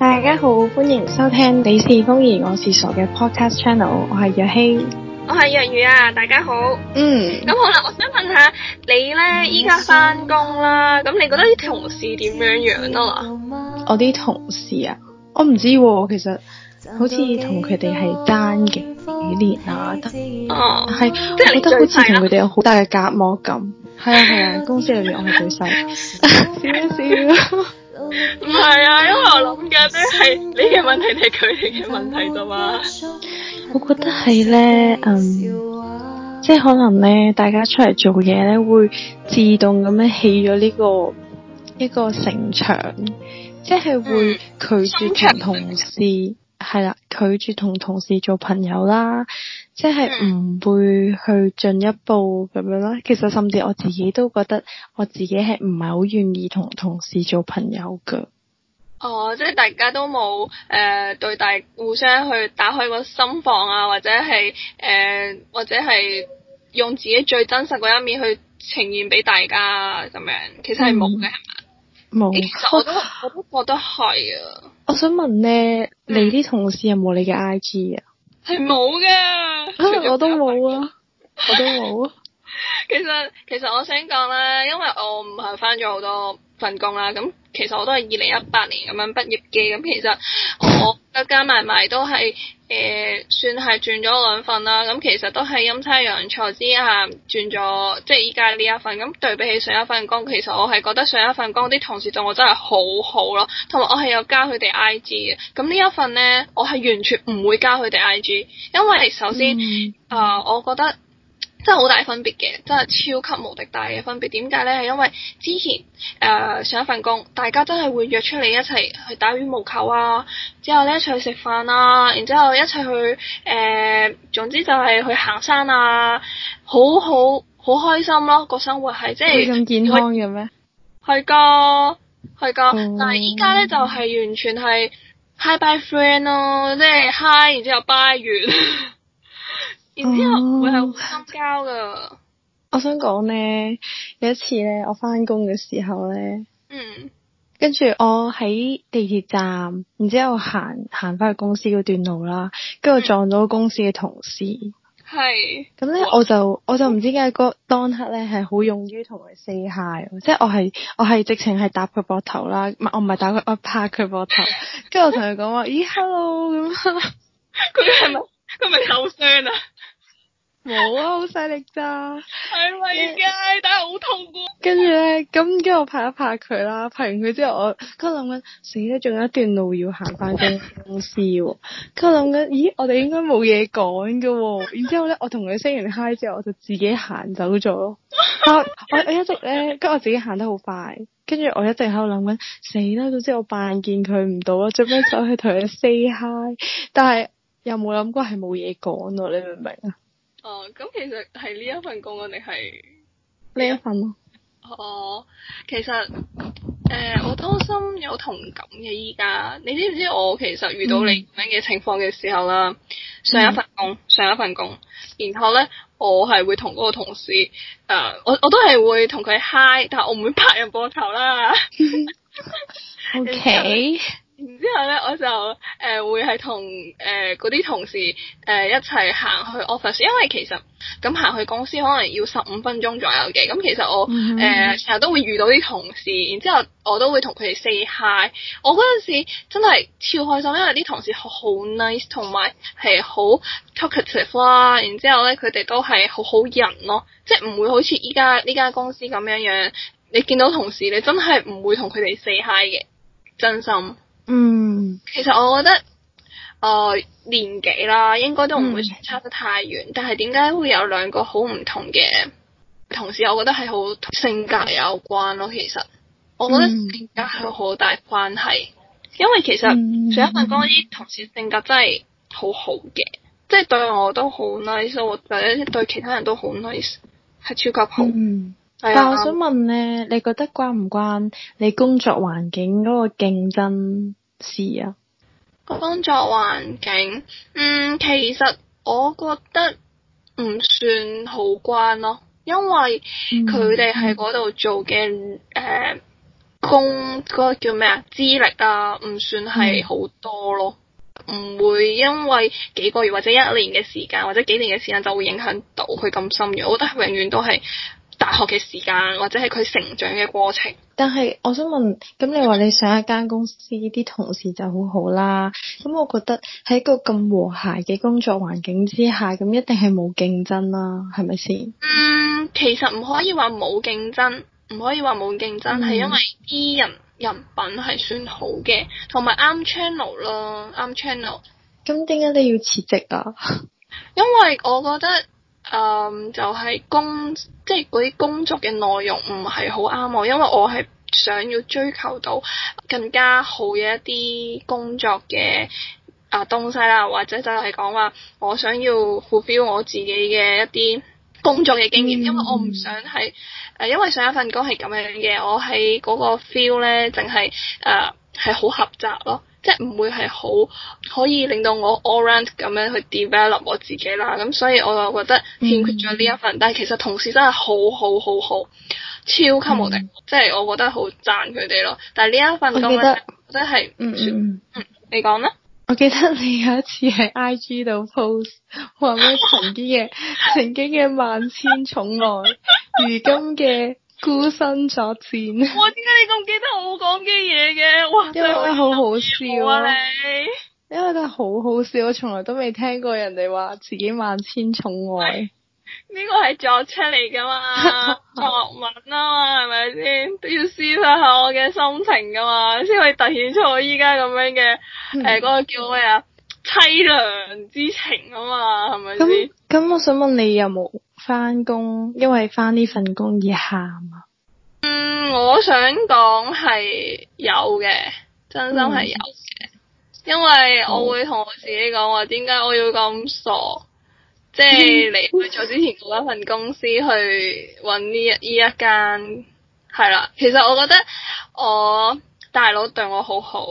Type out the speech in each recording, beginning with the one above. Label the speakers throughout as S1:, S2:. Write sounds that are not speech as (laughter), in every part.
S1: 大家好，歡迎收聽你是風兒，我是傻嘅 Podcast Channel，我係若曦，我係若
S2: 如啊，大家好，嗯，咁好啦，我想問下你呢，依家翻工啦，咁、嗯、你覺
S1: 得啲同事點樣樣啊？我啲同事啊，我唔知、啊，其實好似同佢哋係單嘅幾年啊，嗯、得？哦、 (laughs) 嗯，係， (laughs) 我覺得好似同佢哋有好大嘅隔膜咁，係啊係啊，公司裏面我係最細，
S2: 少 (laughs) 少試，啊。 (laughs) 唔係 (laughs) 啊，因為我諗緊咧係你嘅問題係佢哋嘅問題啫嘛。
S1: 我覺得係咧，嗯，即係可能咧，大家出嚟做嘢咧，會自動咁樣起咗呢、呢個呢個城牆，即係會拒絕同同事係啦， (coughs) 拒絕同同事做朋友啦。即係唔會去進一步咁樣啦。其實甚至我自己都覺得我自己係唔係好願意同同事做朋友噶。
S2: 哦，即係大家都冇誒、呃、對大互相去打開個心房啊，或者係誒、呃、或者係用自己最真實嘅一面去呈現俾大家咁樣。其實係冇嘅，
S1: 係嘛、嗯？
S2: 冇吧。其實我，我都我都覺得
S1: 係啊。我想問咧，你啲同事有冇你嘅 IG 啊？係冇噶，我都冇啊，我都冇啊。 (laughs) 啊
S2: (laughs) 其實其實我想講咧，因為我唔係翻咗好多。份工啦，咁其實我都係二零一八年咁樣畢業嘅，咁其實我加加埋埋都係誒、呃、算係轉咗兩份啦，咁其實都係陰差陽錯之下轉咗，即係依家呢一份。咁對比起上一份工，其實我係覺得上一份工啲同事對我真係好好咯，同埋我係有加佢哋 I G 嘅。咁呢一份咧，我係完全唔會加佢哋 I G，因為首先誒、嗯呃、我覺得。真係好大分別嘅，真係超級無敵大嘅分別。點解呢？係因為之前誒、呃、上一份工，大家真係會約出嚟一齊去打羽毛球啊，之後呢一齊去食飯啊，然之後一齊去誒、呃，總之就係去行山啊，好好好開心咯、啊！這個生活係即係咁健康嘅咩？係噶係噶，嗯、但係依家呢就係、是、完全係 Hi bye friend 咯、啊，即係 Hi，然之後 bye 完。 (laughs) 然之
S1: 後會係心交噶、哦。我想講咧，有一次咧，我翻工嘅時候咧，嗯，跟住我喺地鐵站，然之後行行翻去公司嗰段路啦，跟住撞到公司嘅同事。
S2: 係、
S1: 嗯。咁咧、嗯，我就我就唔知點解嗰當刻咧係好勇於同佢 say hi，即係我係我係直情係搭佢膊頭啦，唔我唔係打佢，我拍佢膊頭， (laughs) 跟住我同佢講話，咦，hello 咁。 (laughs) 佢係咪
S2: 佢咪口傷啊？
S1: 冇啊，好犀利咋！係
S2: 咪先？欸、但係好痛苦、
S1: 啊。跟住咧，咁跟住我拍一拍佢啦，拍完佢之後，我佢諗緊，死啦，仲有一段路要行翻公司喎、啊。佢諗緊，咦，我哋應該冇嘢講噶。然之後咧，我同佢 say 完 hi 之後，我就自己行走咗。 (laughs) 我我我一直咧，跟我自己行得好快。跟住我一直喺度諗緊，死啦，總之我扮見佢唔到啦，做咩走去同佢 say hi，但係又冇諗過係冇嘢講咯，你明唔明啊？
S2: 哦，咁其實係呢一份工，定係呢一份咯。哦，其實誒、呃，我多心有同感嘅。依家你知唔知我其實遇到你咁樣嘅情況嘅時候啦、嗯？上一份工，上一份工，然後咧，我係會同嗰個同事誒、呃，我我都係會同佢嗨，但係我唔會拍人膊頭啦。
S1: O K、嗯。 (laughs) okay.
S2: 然之後咧，我就誒、呃、會係同誒嗰啲同事誒、呃、一齊行去 office，因為其實咁行去公司可能要十五分鐘左右嘅。咁其實我誒成日都會遇到啲同事，然之後我都會同佢哋 say hi。我嗰陣時真係超開心，因為啲同事好 nice，同埋係好 talkative 啦。然之後咧，佢哋都係好好人咯，即係唔會好似依家呢間公司咁樣樣。你見到同事，你真係唔會同佢哋 say hi 嘅，真心。嗯，其實我覺得誒、呃、年紀啦，應該都唔會差得太遠。嗯、但係點解會有兩個好唔同嘅同事？我覺得係好性格有關咯。其實我覺得性格係好大關係，嗯、因為其實上一份工啲同事性格真係好好嘅，即係、嗯、對我都好 nice，或者對其他人都好 nice，係超級
S1: 好。嗯，係啊，但係我想問咧，你覺得關唔關你工作環境嗰個競爭？是
S2: 啊，工作環境，嗯，其實我覺得唔算好關咯，因為佢哋喺嗰度做嘅誒、呃、工嗰、嗰個叫咩啊資歷啊，唔算係好多咯，唔會因為幾個月或者一年嘅時間或者幾年嘅時間就會影響到佢咁深遠。我覺得永遠都係。大學嘅時間或者係佢成長嘅過程，
S1: 但係我想問，咁你話你上一間公司啲同事就好好啦，咁我覺得喺個咁和諧嘅工作環境之下，咁一定係冇競爭啦，係咪先？嗯，
S2: 其實唔可以話冇競爭，唔可以話冇競爭，係、嗯、因為啲人人品係算好嘅，同埋啱 channel 咯，啱 channel。
S1: 咁點解你要辭職啊？
S2: 因為我覺得，嗯，就喺、是、公。即係嗰啲工作嘅內容唔係好啱我，因為我係想要追求到更加好嘅一啲工作嘅啊、呃、東西啦，或者就係講話我想要 fulfil 我自己嘅一啲工作嘅經驗，嗯、因為我唔想係誒、呃、因為上一份工係咁樣嘅，我喺嗰個 feel 咧，淨係誒係好狹窄咯。即係唔會係好可以令到我 all round 咁樣去 develop 我自己啦，咁所以我又覺得欠缺咗呢一份。嗯、但係其實同事真係好好好，好好，超級無敵，嗯、即係我覺得好讚佢哋咯。但係呢一份咁樣真係唔算。嗯，嗯，嗯，你講啦。
S1: 我記得你有一次喺 IG 度 post 話咩曾經嘅 (laughs) 曾經嘅萬千寵愛，如今嘅。孤身作戰。哇！
S2: 點解你咁記得我講嘅嘢嘅？哇！因為好
S1: 好笑啊
S2: 你。
S1: 因為真係好好笑，我從來都未聽過人哋話自己萬千寵愛。
S2: 呢個係作出嚟噶嘛？作 (laughs) 文啊嘛，係咪先？都要抒發下我嘅心情噶嘛，先可以凸顯出我依家咁樣嘅誒嗰個叫咩啊？淒涼之情啊嘛，係咪
S1: 先？咁我想問你有冇返工，因為返呢份工而喊啊？嗯，
S2: 我想講係有嘅，真心係有嘅，嗯、因為我會同我自己講話點解我要咁傻？即係離開咗之前嗰一份公司去，去搵呢一一間，係啦。其實我覺得我大佬對我好好，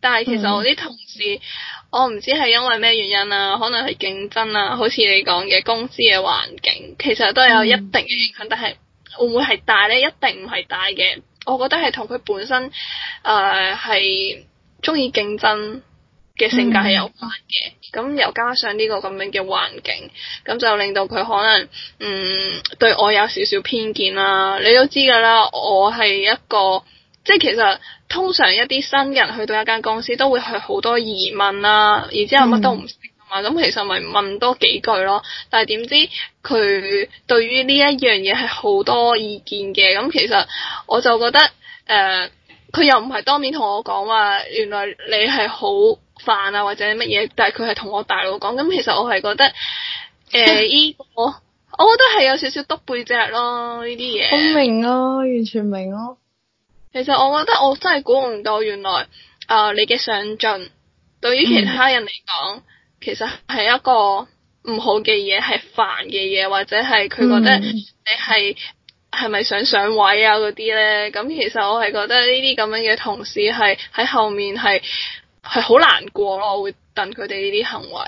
S2: 但係其實我啲同事。嗯我唔知係因為咩原因啦、啊，可能係競爭啦、啊，好似你講嘅公司嘅環境，其實都有一定嘅影響，嗯、但係會唔會係大呢？一定唔係大嘅。我覺得係同佢本身誒係中意競爭嘅性格係有關嘅。咁、嗯、又加上呢個咁樣嘅環境，咁就令到佢可能嗯對我有少少偏見啦。你都知㗎啦，我係一個。即係其實通常一啲新人去到一間公司都會去好多疑問啦、啊，然之後乜都唔識啊嘛，咁、嗯、其實咪問多幾句咯。但係點知佢對於呢一樣嘢，係好多意見嘅。咁其實我就覺得誒佢、呃、又唔係當面同我講話，原來你係好煩啊或者乜嘢，但係佢係同我大佬講，咁其實我係覺得誒依、呃 (laughs) 這個，我覺得係有少少篤背脊咯呢啲嘢。好明
S1: 咯、啊、完全明咯、啊。
S2: 其實我覺得我真係估唔到，原來誒、呃、你嘅上進對於其他人嚟講，嗯、其實係一個唔好嘅嘢，係煩嘅嘢，或者係佢覺得你係係咪想上位啊嗰啲咧？咁其實我係覺得呢啲咁樣嘅同事係喺後面係係好難過咯，我會戥佢哋呢啲行為，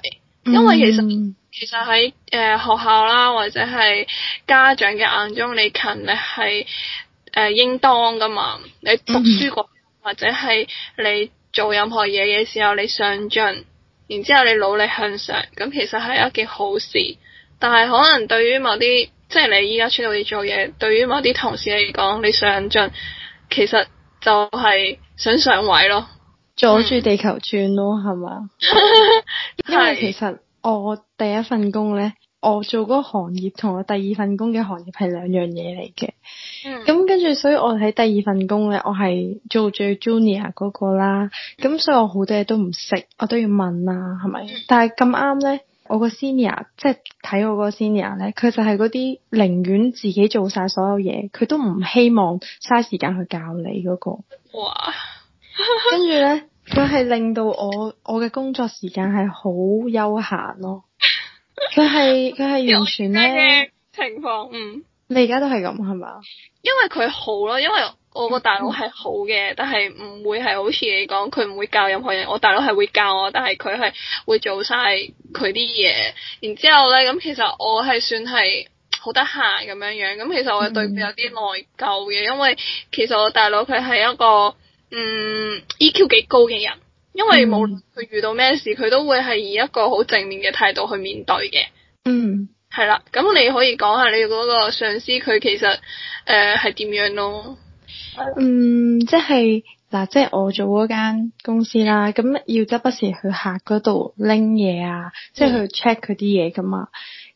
S2: 因為其實其實喺誒、呃、學校啦或者係家長嘅眼中，你勤力係。誒、呃，應當噶嘛？你讀書過，嗯、或者係你做任何嘢嘅時候，你上進，然之後你努力向上，咁其實係一件好事。但係可能對於某啲，即係你依家出到去做嘢，對於某啲同事嚟講，你上進，其實就係想上位咯，
S1: 阻住地球轉咯，係嘛？ (laughs) 因為其實我第一份工呢，我做嗰個行業同我第二份工嘅行業係兩樣嘢嚟嘅。咁、嗯、跟住，所以我喺第二份工咧，我係做最 junior 嗰個啦。咁所以我好多嘢都唔識，我都要問啊，係咪？嗯、但係咁啱咧，我個 senior 即係睇我個 senior 咧，佢就係嗰啲寧願自己做晒所有嘢，佢都唔希望嘥時間去教你嗰、嗰個。哇！ (laughs) 跟住咧，佢係令到我我嘅工作時間係好休閒咯。佢係佢係完全咧
S2: 情況嗯。
S1: 你而家都係咁係嘛？
S2: 因為佢好咯，因為我個大佬係好嘅，嗯、但係唔會係好似你講，佢唔會教任何人。我大佬係會教我，但係佢係會做晒佢啲嘢。然之後咧，咁其實我係算係好得閒咁樣樣。咁其實我係對佢有啲內疚嘅，嗯、因為其實我大佬佢係一個嗯 EQ 幾高嘅人，因為無論佢遇到咩事，佢都會係以一個好正面嘅態度去面對嘅、嗯。嗯。係啦，咁你可以講下你嗰個上司佢其實誒係點樣咯？嗯，
S1: 即係嗱，即係我做嗰間公司啦，咁要時不時去客嗰度拎嘢啊，即係、嗯、去 check 佢啲嘢噶嘛。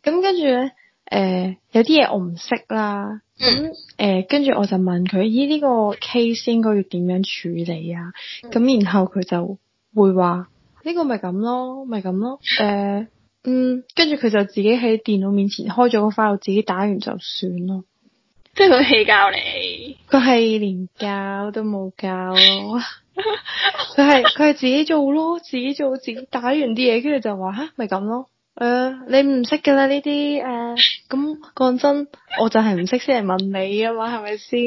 S1: 咁跟住咧，誒、呃、有啲嘢我唔識啦。嗯。誒、呃，跟住我就問佢：咦，呢個 case 應該要點樣處理啊？咁、嗯、然後佢就會話：呢個咪咁咯，咪咁咯。誒、呃。嗯，跟住佢就自己喺電腦面前開咗個 file，自己打完就算咯。
S2: 即係佢係教你，
S1: 佢係連教都冇教咯。佢係佢係自己做咯，自己做自己打完啲嘢，跟住就話吓，咪咁咯。誒、呃，你唔識噶啦呢啲誒，咁講、呃、真，我就係唔識先嚟問你啊嘛，係咪先？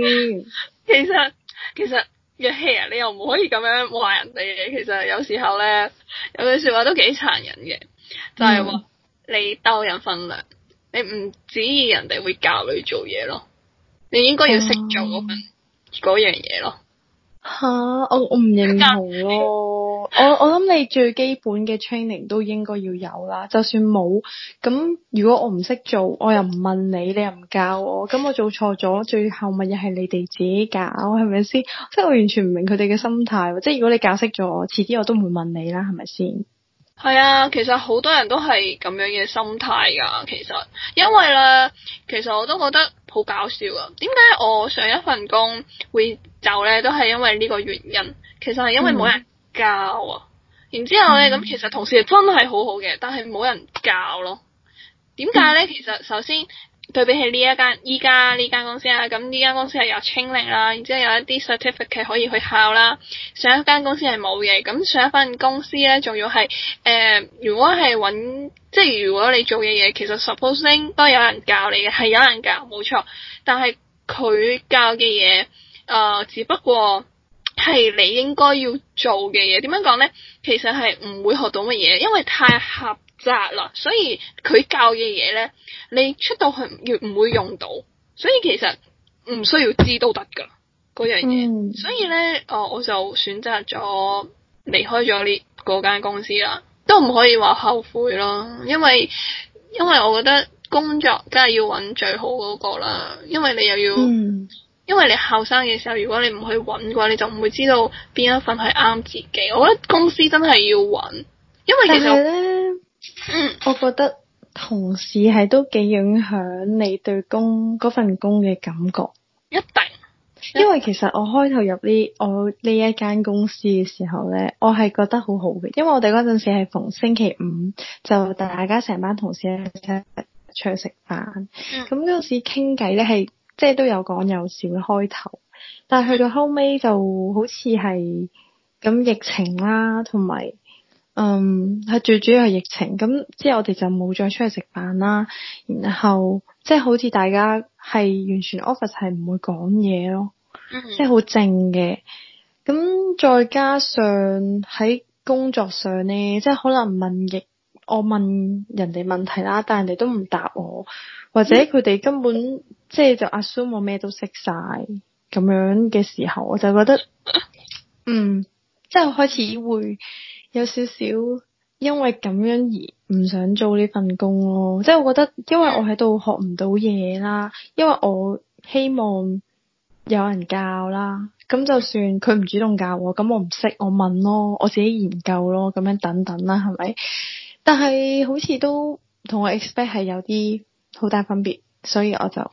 S1: 其實
S2: 其實，若曦啊，你又唔可以咁樣話人哋嘅。其實有時候咧，有句說話都幾殘忍嘅。 (noise) 就係話你斗人份量，你唔指意人哋會教你做嘢咯，你應該要識做嗰份嗰樣嘢咯。
S1: 吓、啊，我我唔認同咯。 (laughs) 我我諗你最基本嘅 training 都應該要有啦。就算冇咁，如果我唔識做，我又唔問你，你又唔教我，咁我做錯咗，最後咪又係你哋自己搞，係咪先？即係 (noise) 我完全唔明佢哋嘅心態。即係如果你教識咗我，遲啲我都唔會問你啦，係咪先？
S2: 係啊，其實好多人都係咁樣嘅心態噶，其實因為咧，其實我都覺得好搞笑啊。點解我上一份工會走咧？都係因為呢個原因。其實係因為冇人教啊。嗯、然之後咧，咁其實同事係真係好好嘅，但係冇人教咯。點解咧？嗯、其實首先。對比起呢一間依家呢間公司啊，咁呢間公司係有清力啦，然之後有一啲 certificate 可以去考啦。上一間公司係冇嘅，咁上一份公司咧，仲要係誒、呃，如果係揾，即係如果你做嘅嘢，其實 supposing 都有人教你嘅，係有人教，冇錯。但係佢教嘅嘢，誒、呃，只不過係你應該要做嘅嘢。點樣講咧？其實係唔會學到乜嘢，因為太合。雜啦，所以佢教嘅嘢咧，你出到去越唔會用到，所以其實唔需要知都得噶嗰樣嘢。嗯、所以咧，哦，我就選擇咗離開咗呢嗰間公司啦，都唔可以話後悔咯，因為因為我覺得工作梗係要揾最好嗰個啦，因為你又要，嗯、因為你後生嘅時候，如果你唔去揾嘅話，你就唔會知道邊一份係啱自己。我覺得公司真係要揾，
S1: 因為其實嗯，我覺得同事係都幾影響你對工嗰份工嘅感覺一。一
S2: 定，
S1: 因為其實我開頭入呢我呢一間公司嘅時候咧，我係覺得好好嘅，因為我哋嗰陣時係逢星期五就大家成班同事咧出去食飯，咁嗰陣時傾偈咧係即係都有講有笑嘅，開頭，但係去到後尾就好似係咁疫情啦、啊，同埋。嗯，係、um, 最主要係疫情咁之後，我哋就冇再出去食飯啦。然後即係好似大家係完全 office 係唔會講嘢咯，嗯、即係好靜嘅。咁再加上喺工作上咧，即係可能問疫我問人哋問題啦，但係人哋都唔答我，或者佢哋根本、嗯、即係就阿 s u e 我咩都識晒咁樣嘅時候，我就覺得嗯，即係開始會。有少少因為咁樣而唔想做呢份工咯，即係我覺得因為我喺度學唔到嘢啦，因為我希望有人教啦，咁就算佢唔主動教我，咁我唔識我問咯，我自己研究咯，咁樣等等啦，係咪？但係好似都同我 expect 係有啲好大分別，所以我就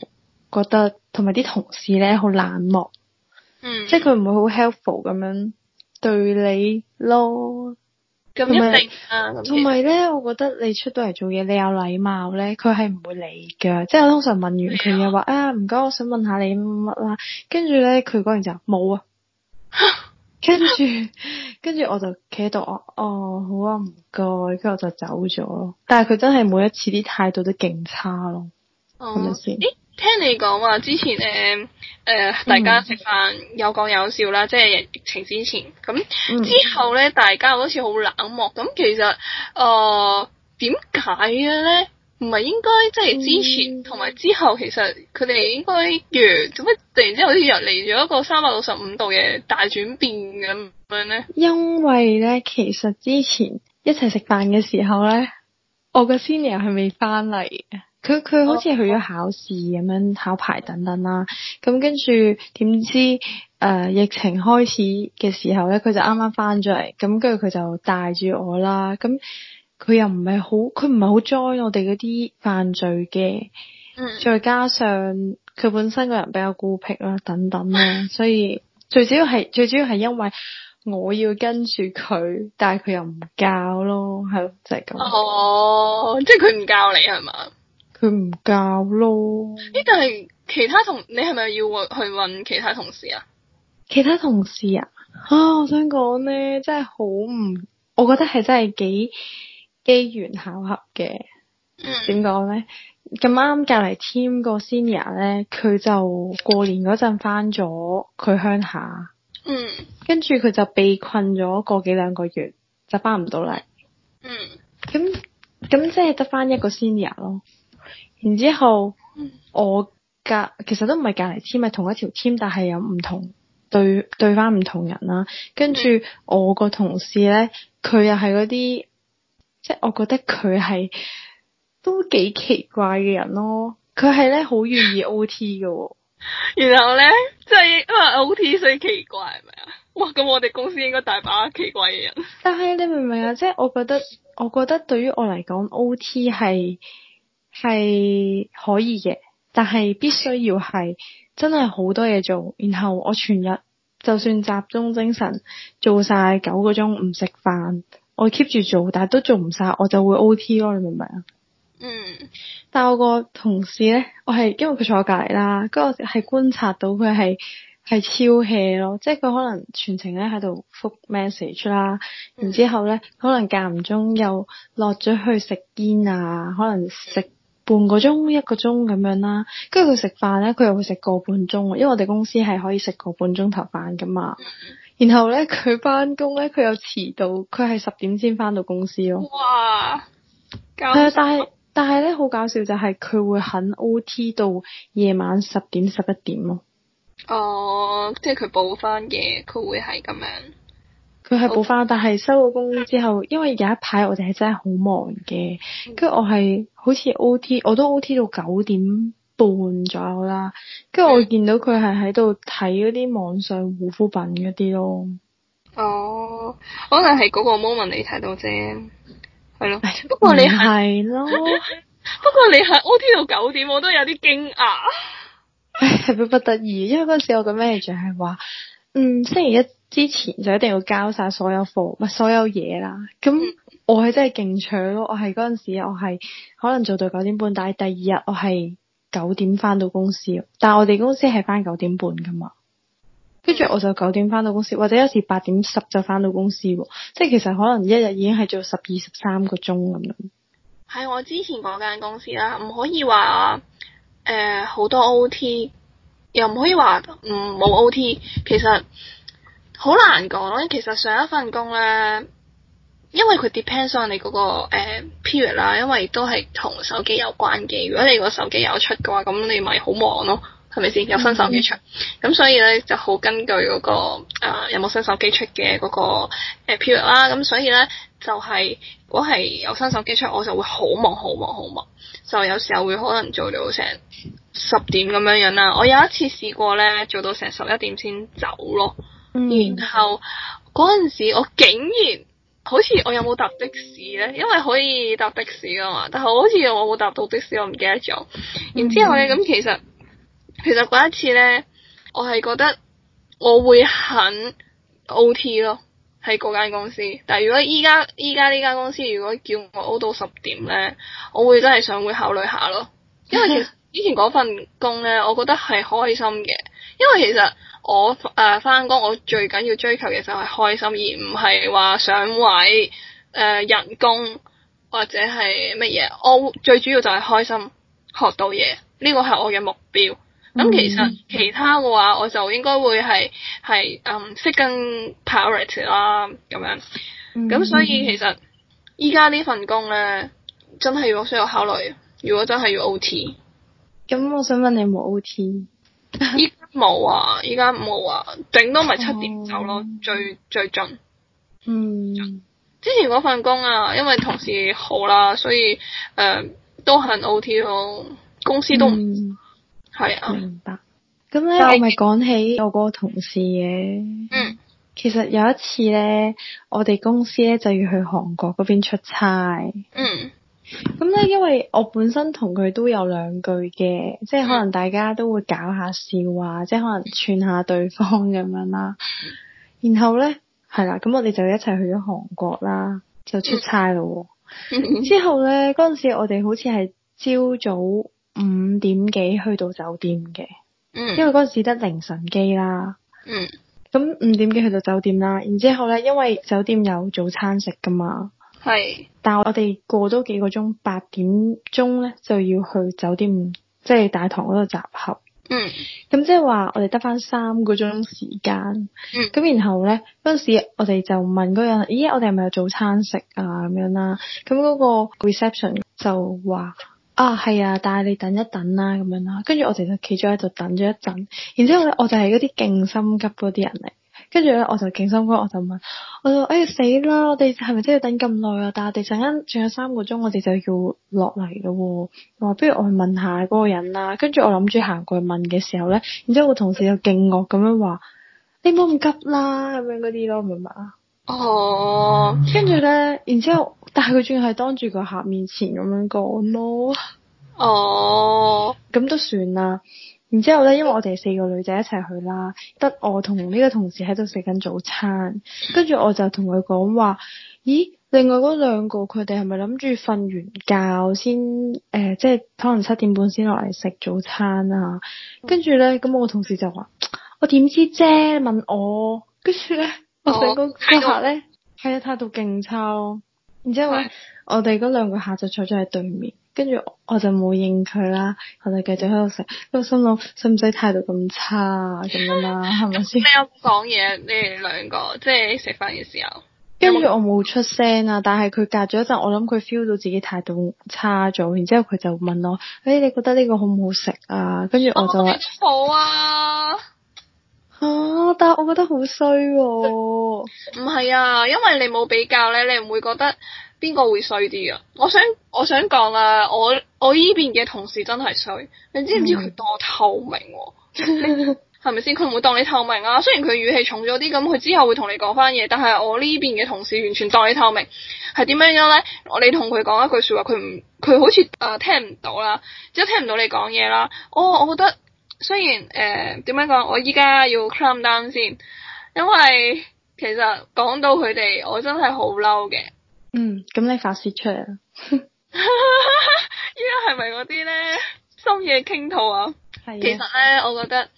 S1: 覺得同埋啲同事咧好冷漠，嗯，即係佢唔會好 helpful 咁樣對你咯。
S2: 同埋，同埋咧，
S1: 我覺得你出到嚟做嘢，你有禮貌咧，佢係唔會理㗎。即係我通常問完佢嘢話啊，唔該，我想問下你乜啦，跟住咧，佢嗰陣就冇啊。跟住， (laughs) 跟住我就企喺度，我，哦，好啊，唔該，跟住我就走咗。但係佢真係每一次啲態度都勁差咯。
S2: 哦，誒、oh, 欸，聽你講話之前，誒，誒，大家食飯有講有笑啦，嗯、即係疫情之前。咁之後咧，嗯、大家好似好冷漠。咁其實，誒、呃，點解嘅咧？唔係應該即係之前同埋、嗯、之後，其實佢哋應該約，做乜、嗯、突然之間好似入嚟咗一個三百六十五度嘅大轉變咁樣咧？
S1: 因為咧，其實之前一齊食飯嘅時候咧，我個 senior 係未翻嚟。佢佢好似去咗考試咁樣考牌等等啦，咁跟住點知誒、呃、疫情開始嘅時候咧，佢就啱啱翻咗嚟，咁跟住佢就帶住我啦，咁佢又唔係好，佢唔係好 join 我哋嗰啲犯罪嘅，嗯、再加上佢本身個人比較孤僻啦，等等啦， (laughs) 所以最主要係，最主要係因為我要跟住佢，但係佢又唔教咯，係咯，就係咁。
S2: 哦，哦即係佢唔教你係嘛？
S1: 佢唔教咯。呢
S2: 個係其他同你係咪要去問其他同事啊？
S1: 其他同事啊？啊！我想講咧，真係好唔，我覺得係真係幾機緣巧合嘅。嗯。點講咧？咁啱隔籬 team 個 senior 咧，佢就過年嗰陣翻咗佢鄉下。嗯。跟住佢就被困咗個幾兩個月，就翻唔到嚟。嗯。咁咁即係得翻一個 senior 咯。然之後我隔其實都唔係隔籬 team，係同一條 team，但係有唔同對對翻唔同人啦。跟住我個同事咧，佢又係嗰啲，即係我覺得佢係都幾奇怪嘅人咯。佢係咧好願意 O T 㗎、哦， (laughs) 然後
S2: 咧即係因為 O T 所以奇怪係咪啊？哇，咁我哋公司應該大把奇怪嘅人。
S1: 但係你明唔明啊？ (laughs) 即係我覺得，我覺得對於我嚟講，O T 係。係可以嘅，但係必須要係真係好多嘢做，然後我全日就算集中精神做晒九個鐘唔食飯，我 keep 住做，但係都做唔晒，我就會 O T 咯，你明唔明啊？嗯，但我個同事咧，我係因為佢坐我隔籬啦，跟住係觀察到佢係係超 hea 咯，即係佢可能全程咧喺度覆 message 啦，嗯、然之後咧可能間唔中又落咗去食煙啊，可能食。半個鐘一個鐘咁樣啦，跟住佢食飯咧，佢又會食個半鐘，因為我哋公司係可以食個半鐘頭飯噶嘛。然後咧，佢翻工咧，佢又遲到，佢係十點先翻到公司咯。哇！搞咩啊、呃，但係但係咧，好搞笑就係佢會肯 O T 到夜晚十點十一點咯。
S2: 哦，即係佢補翻嘅，佢會係咁樣。
S1: 佢係補翻，Okay. 但係收咗工之後，因為有一排我哋係真係、mm. 好忙嘅，跟住我係好似 O T，我都 O T 到九點半左右啦。跟住我見到佢係喺度睇嗰啲網上護膚品嗰啲咯。哦，oh,
S2: 可能係嗰個 moment 你睇到啫，係 (laughs) 咯。 (laughs) (laughs) 不過你係咯， (laughs) 不過你係 O T 到九點，我都有啲驚訝。
S1: 係 (laughs) 不不得已，因為嗰陣時我嘅 manager 係話。嗯，星期一之前就一定要交晒所有課，咪所有嘢啦。咁、嗯、我係真係勁搶咯，我係嗰陣時我係可能做到九點半，但係第二日我係九點翻到公司，但係我哋公司係翻九點半噶嘛。跟住我就九點翻到公司，或者有時八點十就翻到公司，即係其實可能一日已經係做十二十三個鐘咁樣。
S2: 喺我之前嗰間公司啦，唔可以話誒好多 OT。又唔可以話唔冇 OT，其實好難講咯。其實上一份工咧，因為佢 depends on 你嗰、那個誒、呃、period 啦，因為都係同手機有關嘅。如果你個手機有出嘅話，咁你咪好忙咯、啊，係咪先有新手機出？咁、嗯嗯、所以咧就好根據嗰、那個誒、呃、有冇新手機出嘅嗰個誒 period 啦。咁所以咧就係如果係有新手機出、那個呃啊就是、出，我就會好忙好忙好忙，就有時候會可能做到成。十點咁樣樣啦，我有一次試過呢，做到成十一點先走咯，嗯、然後嗰陣時我竟然好似我有冇搭的士呢？因為可以搭的士㗎嘛，但係好似我冇搭到的士，我唔記得咗。嗯、然之後呢，咁其實其實嗰一次呢，我係覺得我會肯 O T 咯，喺嗰間公司，但係如果依家依家呢間公司如果叫我 O 到十點呢，我會真係想會考慮下咯，因為 (laughs) 以前份工咧，我覺得係開心嘅，因為其實我誒返工，呃、我最緊要追求嘅就係開心，而唔係話上位誒人工或者係乜嘢。我最主要就係開心學到嘢，呢、這個係我嘅目標。咁、mm hmm. 其實其他嘅話，我就應該會係係嗯 second priority 啦咁樣。咁、mm hmm. 所以其實依家呢份工咧，真係要需要考慮。如果真係要 OT。
S1: 咁我想問你有冇 O.T.？
S2: 依家冇啊，依家冇啊，頂多咪七點走咯，oh. 最最盡。嗯、mm.。之前嗰份工啊，因為同事好啦，所以誒、呃、都肯 O.T. 咯，
S1: 公司都唔係、mm. 啊。明白、嗯。咁、嗯、咧，我咪講起我嗰個同事嘅。嗯。Mm. 其實有一次咧，我哋公司咧就要去韓國嗰邊出差。嗯。Mm. 咁咧、嗯，因為我本身同佢都有兩句嘅，即係可能大家都會搞下笑啊，即係可能串下對方咁樣啦。然後咧，係啦，咁我哋就一齊去咗韓國啦，就出差咯、喔。嗯嗯、之後咧，嗰陣時我哋好似係朝早五點幾去到酒店嘅，嗯、因為嗰陣時得凌晨機啦。嗯。咁五點幾去到酒店啦，然之後咧，因為酒店有早餐食㗎嘛。係，是但係我哋過多幾個鐘，八點鐘咧就要去酒店，即係大堂度集合。嗯，咁即係話我哋得翻三個鐘時間。嗯，咁然後咧嗰陣時，我哋就問嗰人，咦，我哋係咪有早餐食啊？咁樣啦、啊，咁個 reception 就話，啊係啊，但係你等一等啦、啊，咁樣啦、啊。跟住我哋就企咗喺度等咗一陣，然之後咧我就係啲勁心急啲人嚟。跟住咧，我就勁心慌，我就問，我就哎呀死啦！我哋係咪真係等咁耐啊？但係我哋陣間仲有三個鐘，我哋就要落嚟咯。我話不如我去問下嗰個人啦。跟住我諗住行過去問嘅時候咧，然之後我同事又勁惡咁樣話：你唔好咁急啦，咁樣嗰啲咯，明白啊？哦。跟住咧，然之後，但係佢仲係當住個客面前咁樣講咯哦。咁都、oh. 算啦。然之後咧，因為我哋四個女仔一齊去啦，得我同呢個同事喺度食緊早餐，跟住我就同佢講話：，咦，另外嗰兩個佢哋係咪諗住瞓完覺先？誒、呃，即係可能七點半先落嚟食早餐啊？跟住咧，咁我同事就話：，我點知啫？問我，跟住咧，我成個客咧，係、哦、啊，態度勁差、哦。然之後咧，對我哋嗰兩個客就坐咗喺對面。跟住我就冇應佢啦，我就繼續喺度食、啊。因為我心諗，使唔使態度咁差咁樣啦？係咪先？你有
S2: 冇講嘢？你哋兩個即係食飯嘅時候。
S1: 跟住我冇出聲啊，但係佢隔咗一陣，我諗佢 feel 到自己態度差咗，然之後佢就問我：，誒、哎，你覺得呢個好唔好食啊？跟住我就話好、
S2: 哦、啊。
S1: 嚇、啊！但係我覺得好衰喎。
S2: 唔係啊，因為你冇比較咧，你唔會覺得。邊個會衰啲啊？我想我想講啦，我我呢邊嘅同事真係衰，你知唔知佢當我透明啊？係咪先？佢唔 (laughs) (laughs) 會當你透明啊。雖然佢語氣重咗啲，咁佢之後會同你講返嘢，但係我呢邊嘅同事完全當你透明，係點樣樣咧？你同佢講一句說話，佢唔佢好似誒、呃、聽唔到啦，即係聽唔到你講嘢啦。我、哦、我覺得雖然誒點、呃、樣講，我依家要 calm down 先，因為其實講到佢哋，我真係好嬲嘅。
S1: 嗯，咁你發洩出嚟
S2: 啦，依家係咪嗰啲咧，深夜傾吐啊？係啊。其實咧，我覺得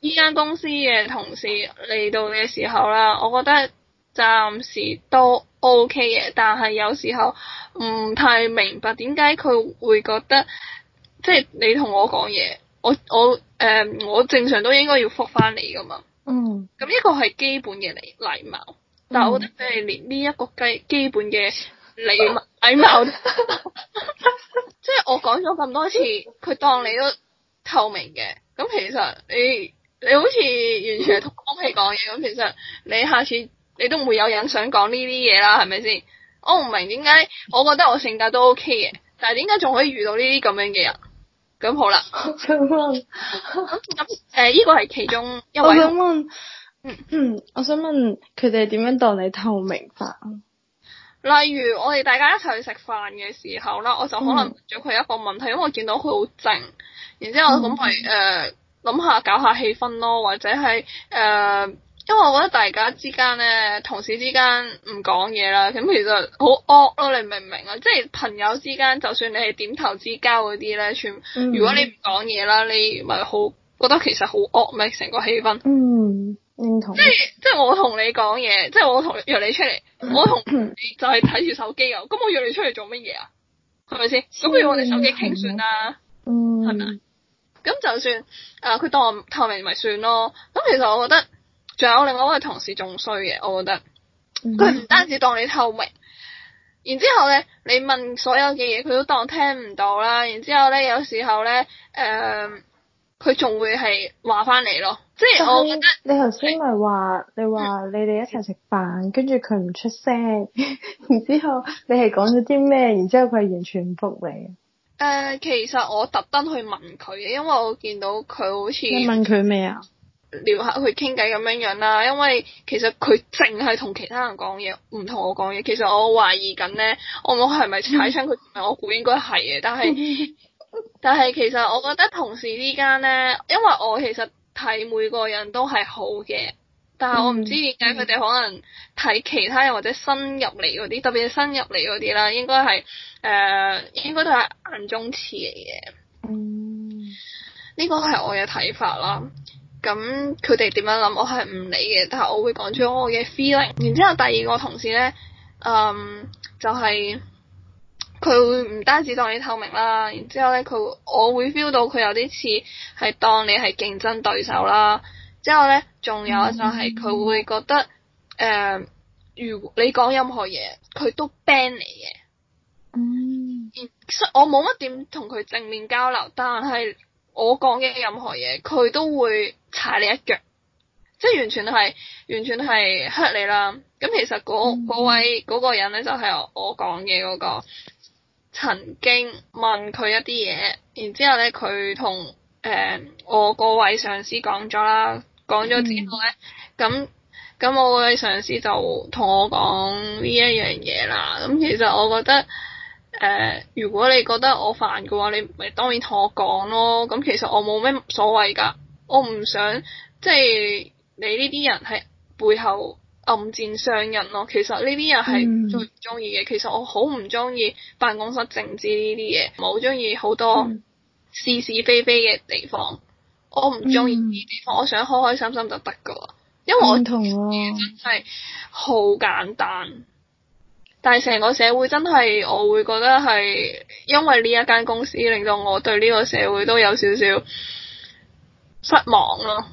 S2: 依間公司嘅同事嚟到嘅時候啦，我覺得暫時都 OK 嘅，但係有時候唔太明白點解佢會覺得即係、就是、你同我講嘢，我我誒、呃，我正常都應該要復翻你噶嘛。嗯。咁呢個係基本嘅禮禮貌。但係我覺得你係連呢一個基基本嘅禮貌禮貌，即係我講咗咁多次，佢當你都透明嘅，咁其實你你好似完全係同空氣講嘢，咁其實你下次你都唔會有人想講呢啲嘢啦，係咪先？我唔明點解，我覺得我性格都 OK 嘅，但係點解仲可以遇到呢啲咁樣嘅人？咁好啦，咁誒呢個係其中一位。
S1: (laughs) (laughs) 嗯，我想問佢哋點樣當你透明化
S2: 啊？例如我哋大家一齊去食飯嘅時候啦，我就可能問咗佢一個問題，因為我見到佢好靜，然之後諗埋誒諗下搞下氣氛咯，或者係誒、呃，因為我覺得大家之間咧，同事之間唔講嘢啦，咁其實好惡咯，你明唔明啊？即係朋友之間，就算你係點頭之交嗰啲咧，全如果你唔講嘢啦，你咪好覺得其實好惡咩？成個氣氛嗯。即係我同你講嘢，即係我同約你，你，你出嚟，嗯、我同就係睇住手機啊！咁、嗯、我約你出嚟做乜嘢啊？係咪先？咁不如我哋手機傾算啦，係咪啊？咁就算誒，佢、呃、當我透明咪算咯。咁其實我覺得，仲有另外一位同事仲衰嘅，我覺得佢唔、嗯、單止當你透明，然之後呢，你問所有嘅嘢，佢都當聽唔到啦。然之後呢，有時候呢。誒、呃。佢仲會係話翻你咯，即係我覺
S1: 得你頭先咪話，欸、你話你哋一齊食飯，跟住佢唔出聲，然之後你係講咗啲咩，嗯、然之後佢係完全唔覆你。
S2: 誒、呃，其實我特登去問佢嘅，因為我見到佢好似你問佢咩啊？撩下佢傾偈咁樣樣啦，因為其實佢淨係同其他人講嘢，唔同我講嘢。其實我懷疑緊咧，我冇係咪踩親佢？嗯、我估應該係嘅，但係。嗯 (laughs) 但係其實我覺得同事之間咧，因為我其實睇每個人都係好嘅，但係我唔知點解佢哋可能睇其他人或者新入嚟嗰啲，特別係新入嚟嗰啲啦，應該係誒、呃、應該都係眼中刺嚟嘅。嗯，呢個係我嘅睇法啦。咁佢哋點樣諗，我係唔理嘅，但係我會講出我嘅 feeling。然之後第二個同事咧，嗯，就係、是。佢會唔單止當你透明啦，然之後咧佢我會 feel 到佢有啲似係當你係競爭對手啦。之後咧，仲有就係、係、佢、嗯、會覺得誒、呃，如果你講任何嘢，佢都 ban 你嘅。嗯，所我冇乜點同佢正面交流，但係我講嘅任何嘢，佢都會踩你一腳，即係完全係完全係黑你啦。咁其實嗰、嗯、位嗰、嗰個人咧，就係、係、我講嘅嗰個。曾經問佢一啲嘢，然之後咧佢同誒我個位上司講咗啦，講咗之後咧，咁咁、嗯、我個位上司就同我講呢一樣嘢啦。咁其實我覺得誒、呃，如果你覺得我煩嘅話，你咪當然同我講咯。咁其實我冇咩所謂㗎，我唔想即係你呢啲人喺背後。暗箭傷人咯，其實呢啲人係最唔中意嘅。嗯、其實我好唔中意辦公室政治呢啲嘢，唔好中意好多是是非非嘅地方。嗯、我唔中意呢啲地方，我想開開心心就得噶啦。因為我同嘅真係好簡單，啊、但係成個社會真係我會覺得係因為呢一間公司令到我對呢個社會都有少少失望咯。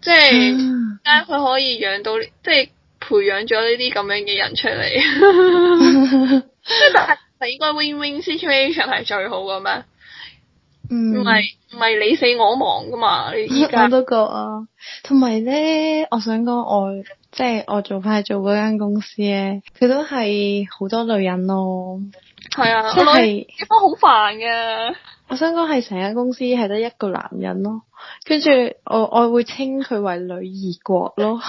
S2: 即係佢、嗯、可以養到？即係培養咗呢啲咁樣嘅人出嚟， (laughs) (laughs) (laughs) 但係但係應該 win win situation 係最好嘅咩？唔係唔係你死我亡噶嘛？依家、嗯、我都
S1: 覺啊，同埋咧，我想講我即係我做快做嗰間公司咧，佢都係好多女人咯、哦。
S2: 係啊，即係結
S1: 婚好煩嘅。我想講係成間公司係得一個男人咯，跟住我我會稱佢為女兒國咯。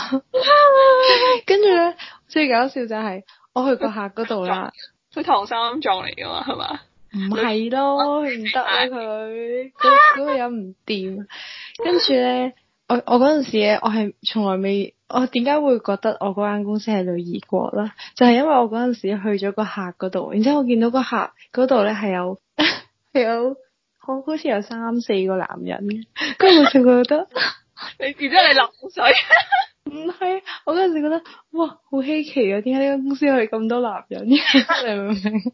S1: (laughs) 跟住咧最搞笑就係我去個客嗰度啦，
S2: 佢唐 (laughs) 三藏嚟嘅
S1: 嘛係嘛？唔係
S2: 咯，佢唔得啊佢，
S1: 嗰、 (laughs) 嗰個人唔掂。跟住咧，我我嗰陣時咧，我係從來未。我點解會覺得我嗰間公司係女兒國啦？就係、是、因為我嗰陣時去咗個客嗰度，然之後我見到個客嗰度咧係有係有好好似有三四個男人，跟住我就覺得你變咗你流
S2: 水。唔係，
S1: 我嗰陣時覺得， (laughs) (laughs) 時覺得哇，好稀奇啊！點解呢間公司可以咁多男人？ (laughs) 你明唔明？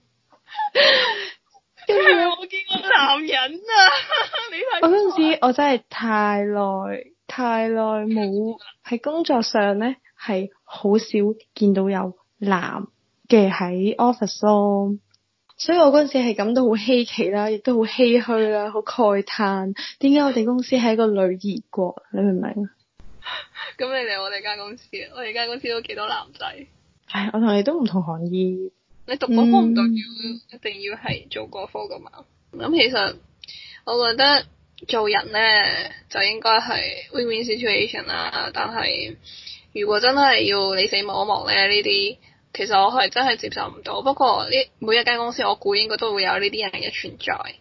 S1: 你係咪冇見過男人啊！ (laughs) 你我嗰、啊、陣時我真係太耐。太耐冇喺工作上咧，係好少見到有男嘅喺 office 咯。所以我嗰陣時係感到好稀奇啦，亦都好唏噓啦，好慨嘆，點解我哋公司係一個女兒國？你明唔明？
S2: 咁 (laughs) 你嚟我哋間公司啊？我哋間公司都幾多
S1: 男仔？唉，我同你都唔同行業。你讀嗰科唔代表
S2: 一定要係做嗰科噶嘛？咁其實我覺得。做人咧就應該係 win-win situation 啦，但係如果真係要你死我亡咧，呢啲，其實我係真係接受唔到。不過呢每一間公司，我估應該都會有呢啲人嘅存在。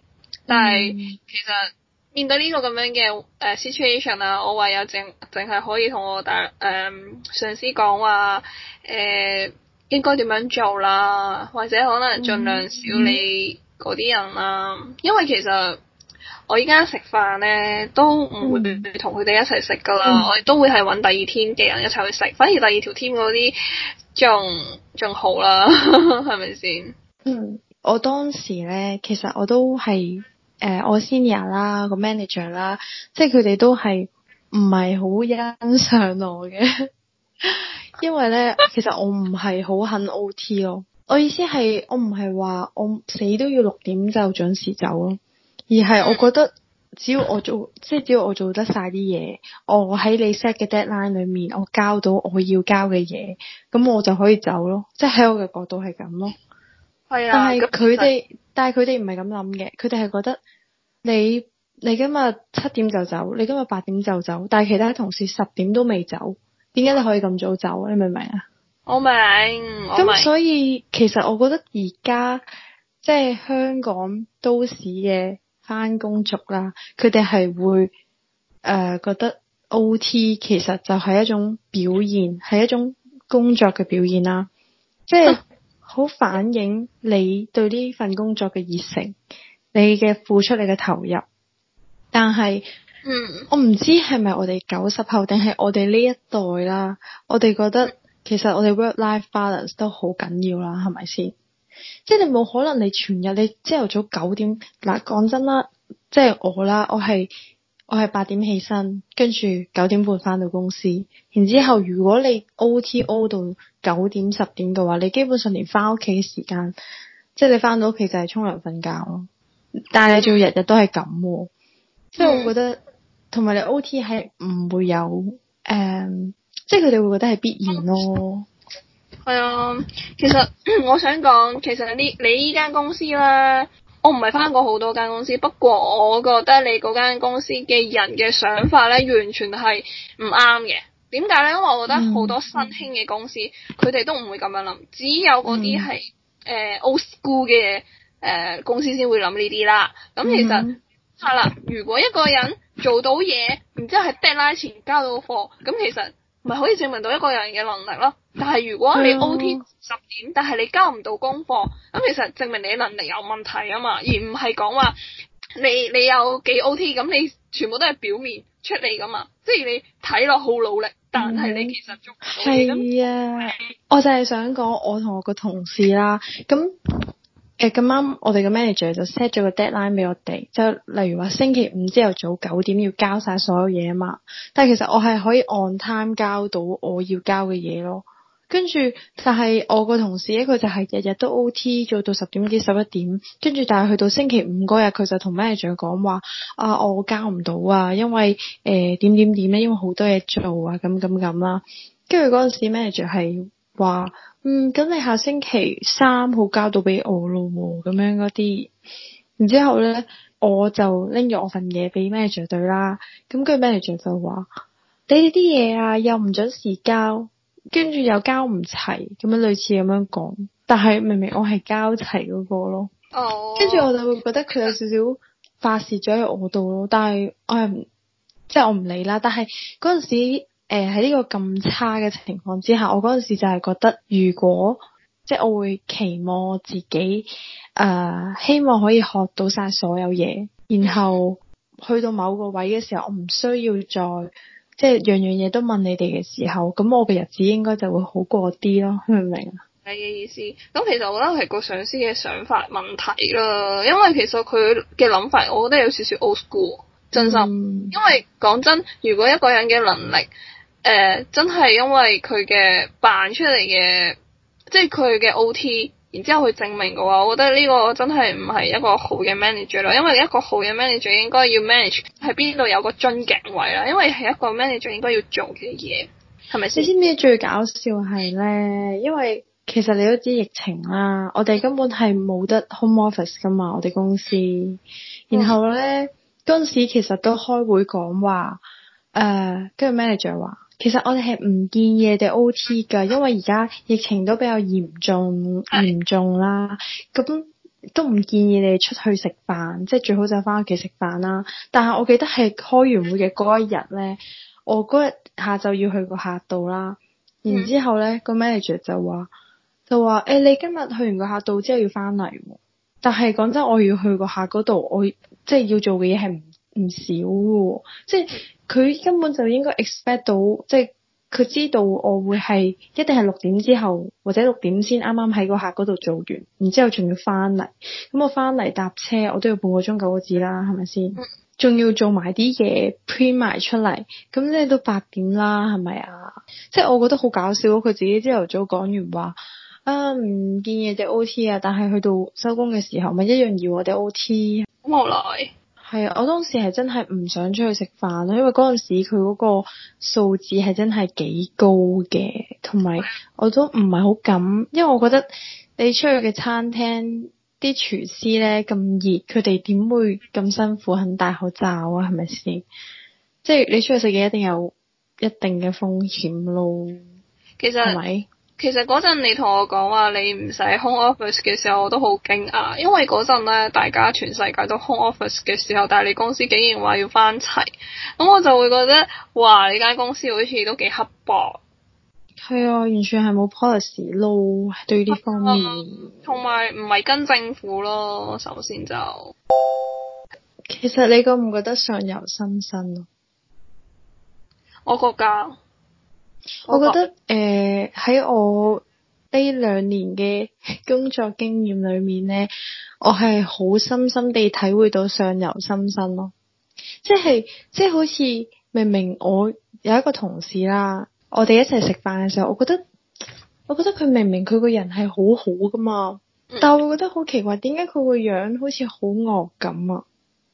S2: 但係其實面對呢個咁樣嘅誒 situation 啦，我唯有淨淨係可以同我大誒、呃、上司講話誒應該點樣做啦，或者可能儘量少理嗰啲人啦，因為其實。我而家食飯咧都唔會同佢哋一齊食噶啦，嗯、我都會係揾第二天嘅人一齊去食。反而第二條 team 嗰啲仲仲好啦，係咪先？嗯，
S1: 我當時咧其實我都係誒、呃，我 senior 啦個 manager 啦，即係佢哋都係唔係好欣賞我嘅， (laughs) 因為咧呢 (laughs) 其實我唔係好肯 OT 咯。我意思係我唔係話我死都要六點就準時走咯。而係，我覺得只要我做，即係只要我做得晒啲嘢，我喺你 set 嘅 deadline 裏面，我交到我要交嘅嘢，咁我就可以走咯。即係喺我嘅角度係咁咯。
S2: 係啊，但係佢哋，
S1: 但係佢哋唔係咁諗嘅，佢哋係覺得你你今日七點就走，你今日八點就走，但係其他同事十點都未走，點解你可以咁早走？你明唔明啊？
S2: 我明，咁所
S1: 以其實我覺得而家即係香港都市嘅班工族啦，佢哋係會誒、呃、覺得 O.T. 其實就係一種表現，係一種工作嘅表現啦，即係好反映你對呢份工作嘅熱誠，你嘅付出，你嘅投入。但係，嗯，我唔知係咪我哋九十後定係我哋呢一代啦，我哋覺得其實我哋 work-life balance 都好緊要啦，係咪先？即係你冇可能你全日你朝頭早九點嗱講真啦，即係我啦，我係我係八點起身，跟住九點半翻到公司，然之後如果你 O T O 到九點十點嘅話，你基本上連翻屋企嘅時間，即係你翻到屋企就係沖涼瞓覺咯。但係你仲要日日都係咁，即係我覺得同埋你 O T 係唔會有誒、呃，即係佢哋會覺得係必然咯。
S2: 係啊、嗯，其實我想講，其實你你依間公司咧，我唔係返過好多間公司，不過我覺得你嗰間公司嘅人嘅想法咧，完全係唔啱嘅。點解咧？因為我覺得好多新興嘅公司，佢哋、嗯、都唔會咁樣諗，只有嗰啲係誒 old school 嘅誒、呃、公司先會諗呢啲啦。咁、嗯嗯、其實係啦，如果一個人做到嘢，然之後係 deadline 前交到貨，咁其實。咪可以證明到一個人嘅能力咯，但係如果你 O T 十點，但係你交唔到功課，咁其實證明你能力有問題啊嘛，而唔係講話你你有幾 O T，咁你全部都係表面出嚟噶嘛，即係你睇落好努力，但係你
S1: 其實捉唔到啊！ (laughs) 我就係想講我同我個同事啦，咁。誒，咁啱我哋嘅 manager 就 set 咗個 deadline 俾我哋，就例如話星期五朝頭早九點要交晒所有嘢啊嘛。但係其實我係可以 on time 交到我要交嘅嘢咯。跟住，但係我個同事咧，佢就係日日都 O T，做到十點幾、十一點。跟住，但係去到星期五嗰日，佢就同 manager 講話：啊，我交唔到啊，因為誒點點點咧，因為好多嘢做啊，咁咁咁啦。跟住嗰陣時，manager 係。話嗯，咁你下星期三號交到俾我咯，咁樣嗰啲，然之後咧，我就拎咗我份嘢俾 manager 對啦，咁佢 manager 對話，你哋啲嘢啊，又唔準時交，跟住又交唔齊，咁樣類似咁樣講，但係明明我係交齊嗰個咯，哦，跟住我就會覺得佢有少少發洩咗喺我度咯，但係我係唔即係我唔理啦，但係嗰陣時。誒喺呢個咁差嘅情況之下，我嗰陣時就係覺得，如果即係我會期望自己誒、呃，希望可以學到晒所有嘢，然後去到某個位嘅時候，我唔需要再即係樣樣嘢都問你哋嘅時候，咁我嘅日子應該就會好過啲咯，明唔明啊？你
S2: 嘅意思，咁其實我覺得係個上司嘅想法問題啦，因為其實佢嘅諗法，我覺得有少少 old school，真心。嗯、因為講真，如果一個人嘅能力，誒、呃、真係因為佢嘅辦出嚟嘅，即係佢嘅 O.T.，然之後去證明嘅話，我覺得呢個真係唔係一個好嘅 manager 咯。因為一個好嘅 manager 應該要 manage 喺邊度有個樽頸位啦。因為係一個 manager 應該要做嘅嘢，係咪
S1: 先？你知最搞笑係咧？因為其實你都知疫情啦，我哋根本係冇得 home office 噶嘛，我哋公司。然後咧嗰陣、嗯、時其實都開會講話，誒跟住 manager 話。呃其實我哋係唔建議你哋 OT 噶，因為而家疫情都比較嚴重，嚴重啦。咁都唔建議你哋出去食飯，即係最好就翻屋企食飯啦。但係我記得係開完會嘅嗰一日咧，我嗰日下晝要去個客度啦，然之後咧個 manager 就話，就話誒、哎、你今日去完個客度之後要翻嚟，但係講真我要去個客嗰度，我即係要做嘅嘢係唔唔少嘅、哦，即係。佢根本就應該 expect 到，即係佢知道我會係一定係六點之後或者六點先啱啱喺個客度做完，然之後仲要翻嚟，咁、嗯、我翻嚟搭車我都要半個鐘九個字啦，係咪先？仲 (laughs) 要做埋啲嘢 print 埋出嚟，咁即係到八點啦，係咪啊？即係我覺得好搞笑，佢自己朝頭早講完話，啊，唔建議我哋 O T 啊，但係去到收工嘅時候，咪一樣要我哋 O T，
S2: 無奈。
S1: 係啊，我當時係真係唔想出去食飯咯，因為嗰陣時佢嗰個數字係真係幾高嘅，同埋我都唔係好敢，因為我覺得你出去嘅餐廳啲廚師咧咁熱，佢哋點會咁辛苦肯戴口罩啊？係咪先？即係你出去食嘢一定有一定嘅風險咯。
S2: 其實，係咪？其實嗰陣你同我講話、啊、你唔使 home office 嘅時候，我都好驚訝，因為嗰陣咧大家全世界都 home office 嘅時候，但係你公司竟然話要翻齊，咁我就會覺得哇，你間公司好似都幾刻薄。
S1: 係啊，完全係冇 policy 咯，對於呢方面。
S2: 同埋唔係跟政府咯，首先就。
S1: 其實你覺唔覺得上有新身咯？
S2: 我覺得。我，我覺得
S1: 誒喺、呃、我呢兩年嘅工作經驗裏面咧，我係好深深地體會到相由心生咯，即係即係好似明明我有一個同事啦，我哋一齊食飯嘅時候，我覺得我覺得佢明明佢個人係好好㗎嘛，但係我覺得好奇怪，點解佢個樣好似好惡咁啊？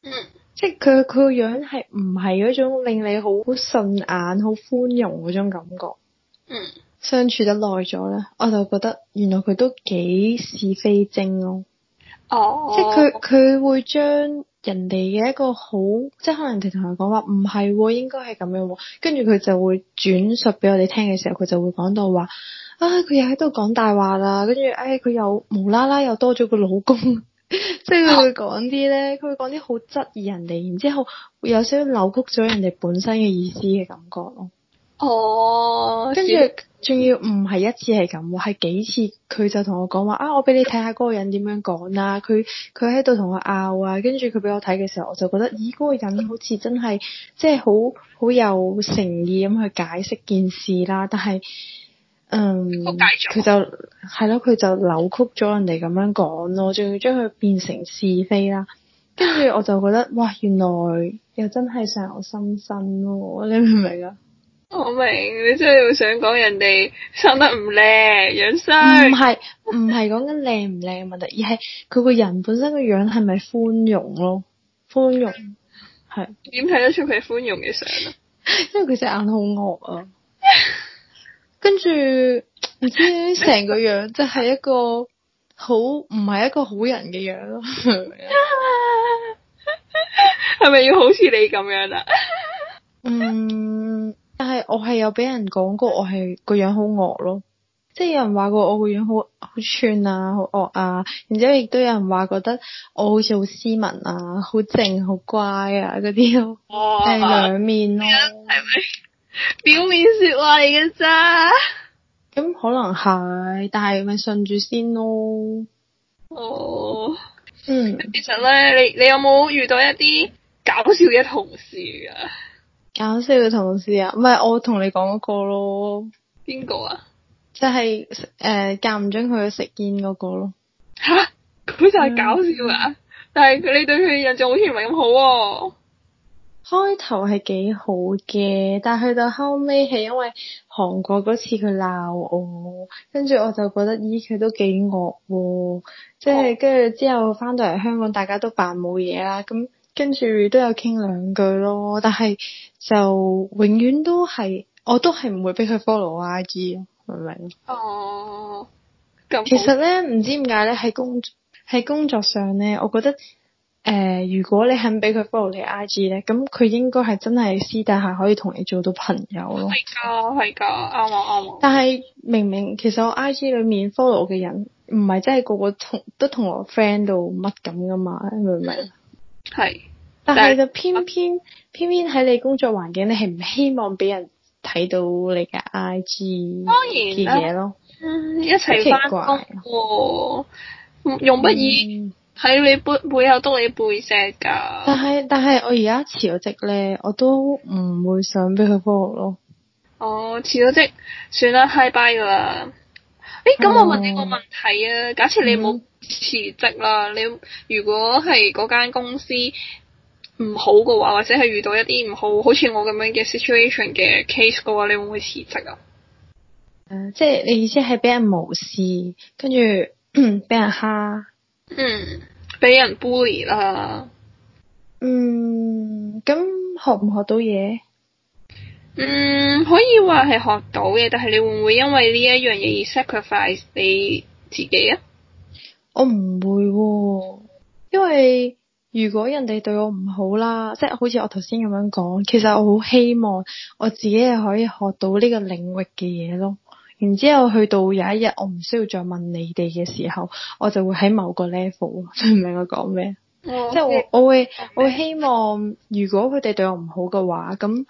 S1: 嗯即係佢佢個樣係唔係嗰種令你好順眼、好寬容嗰種感覺。嗯。相處得耐咗咧，我就覺得原來佢都幾是非精咯。哦。哦，即係佢佢會將人哋嘅一個好，即係可能人哋同佢講，話唔係，應該係咁樣、哦，跟住佢就會轉述俾我哋聽嘅時候，佢就會講到話：啊，佢又喺度講大話啦，跟住，唉、哎，佢又無啦啦又多咗個老公。 (laughs) 即係佢會講啲咧，佢會講啲好質疑人哋，然之後有少扭曲咗人哋本身嘅意思嘅感覺咯。
S2: 哦，跟住
S1: 仲要唔係一次係咁，係幾次佢就同我講話啊，我俾你睇下嗰個人點樣講啦，啊。佢佢喺度同我拗啊，跟住佢俾我睇嘅時候，我就覺得咦，嗰、嗰個人好似真係即係好好有誠意咁去解釋件事啦，但係。嗯，佢就係咯，佢就扭曲咗人哋咁樣講咯，仲要將佢變成是非啦。跟住我就覺得，哇，原來又真係相由心生咯，你明唔明啊？
S2: 我明，你真係會想講人哋生得唔靚，樣衰。唔係唔係講緊靚唔靚嘅
S1: 問題，而係佢個人本身個樣係咪寬容咯？寬容係
S2: 點睇得出佢係寬容嘅相
S1: (laughs) 啊？因為佢隻眼好惡啊！跟住唔知成個樣，即係一個好唔係一個好人嘅
S2: 樣咯。係 (laughs) 咪 (laughs) 要好似你咁樣啊？
S1: 嗯，但係我係有俾人講過我，我係個樣好惡咯。即係有人話過我個樣好好串啊，好、呃、惡啊。然之後亦都有人話覺得我好似好斯文啊，好靜好乖啊嗰啲咯，係、哦、兩面咯。
S2: 哦啊係咪？
S1: 表面說話嚟嘅咋？咁、嗯、可能係，但係咪順住先咯？哦，oh, 嗯。
S2: 其實咧，你你有冇遇到一啲搞笑嘅同事啊？
S1: 搞笑嘅同事啊，唔係我同你講嗰個咯。邊個啊？就係、是、誒，間唔中佢去食煙嗰個咯。
S2: 吓，佢就係搞笑、嗯、啊！但係你對佢印象好似唔係咁好。
S1: 開頭係幾好嘅，但係去到後尾係因為韓國嗰次佢鬧我，跟住我就覺得咦，佢都幾惡喎，即係跟住之後翻到嚟香港大家都扮冇嘢啦，咁跟住都有傾兩句咯，但係就永遠都係我都係唔會俾佢 follow IG，明唔明？哦，咁其實咧唔知點解咧喺工喺工作上咧，我覺得。誒、呃，如果你肯俾佢 follow 你 I G 咧，咁佢應該係真係私底下可以同你做到朋友咯。
S2: 係㗎，係 (noise) 㗎樂，啱啊，啱啊。
S1: 但係明明其實我 I G 裏面 follow 嘅人，唔係真係個個同都同我 friend 到乜咁㗎嘛？你明唔明？係、嗯，但係就偏偏但 偏偏喺你工作環境，你係唔希望俾人睇到你嘅 I G 當然，啲嘢咯。嗯，
S2: 一齊翻工喎，唔不易。喺你背背後督你背脊噶。
S1: 但係但係我而家辭咗職咧，我都唔會想俾佢剝落咯。
S2: 哦，辭咗職，算啦，high bye 噶啦。誒，咁、欸、我問你個問題啊，假設你冇辭職啦，嗯、你如果係嗰間公司唔好嘅話，或者係遇到一啲唔好，好似我咁樣嘅 situation 嘅 case 嘅話，你會唔會辭職啊？誒、嗯，
S1: 即係你意思係俾人無視，跟住俾人蝦。
S2: 嗯，俾人 bully 啦。
S1: 嗯，咁學唔學到嘢？
S2: 嗯，可以話係學到嘅，但係你會唔會因為呢一樣嘢而 sacrifice 你自己啊？我
S1: 唔會。哦，因為如果人哋對我唔好啦，即係好似我頭先咁樣講，其實我好希望我自己係可以學到呢個領域嘅嘢咯。然之後去到有一日我唔需要再問你哋嘅時候，我就會喺某個 level，明唔明我講咩？Oh, okay. 即係我我會 (laughs) 我會希望，如果佢哋對我唔好嘅話，咁誒、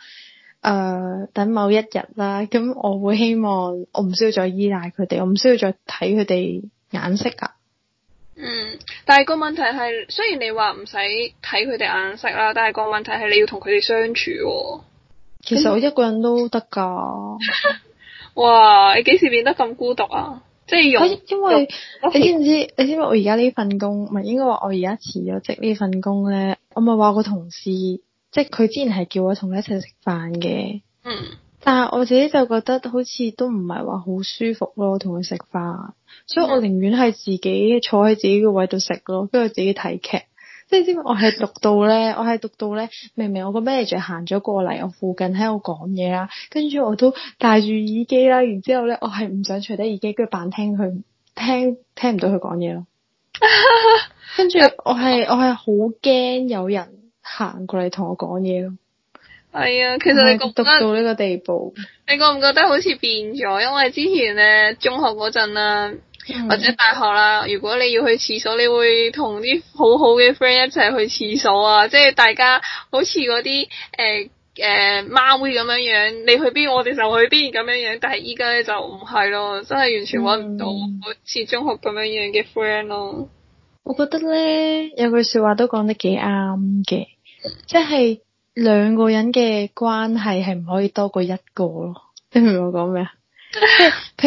S1: 呃、等某一日啦，咁我會希望我唔需要再依賴佢哋，我唔需要再睇佢哋眼色呀。嗯，
S2: 但係個問題係，雖然你話唔使睇佢哋眼色啦，但係個問題係你要同佢哋相處、哦。
S1: 其實我一個人都得噶。 (laughs)
S2: 哇！你幾時變得咁孤獨啊？
S1: 即係因因為肉你知唔知？ (laughs) 你知唔知我而家呢份工，唔係應該話我而家辭咗職呢份工咧？我咪話個同事，即係佢之前係叫我同佢一齊食飯嘅。嗯。但係我自己就覺得好似都唔係話好舒服咯，同佢食飯。所以我寧願係自己坐喺自己個位度食咯，跟住自己睇劇。即係知唔知我係讀到咧，我係讀到咧，明明我個 manager 行咗過嚟，我附近喺度講嘢啦，跟住我都戴住耳機啦，然之後咧我係唔想除低耳機，跟住扮聽佢聽，聽唔到佢講嘢咯。跟住 (laughs) 我係我係好驚有人行過嚟同我講嘢咯。係
S2: 啊，哎，其實你覺得到
S1: 呢個地步，
S2: 你覺唔覺得好似變咗？因為之前咧中學嗰陣啊。或者大學啦，如果你要去廁所，你會同啲好好嘅 friend 一齊去廁所啊！即係大家好似嗰啲誒誒貓妹咁樣樣，你去邊我哋就去邊咁樣樣。但係依家咧就唔係、嗯、咯，真係完全揾唔到好似中學咁樣樣嘅 friend 咯。
S1: 我覺得咧有句説話都講得幾啱嘅，即係兩個人嘅關係係唔可以多過一個咯。你明唔明我講咩啊？即係，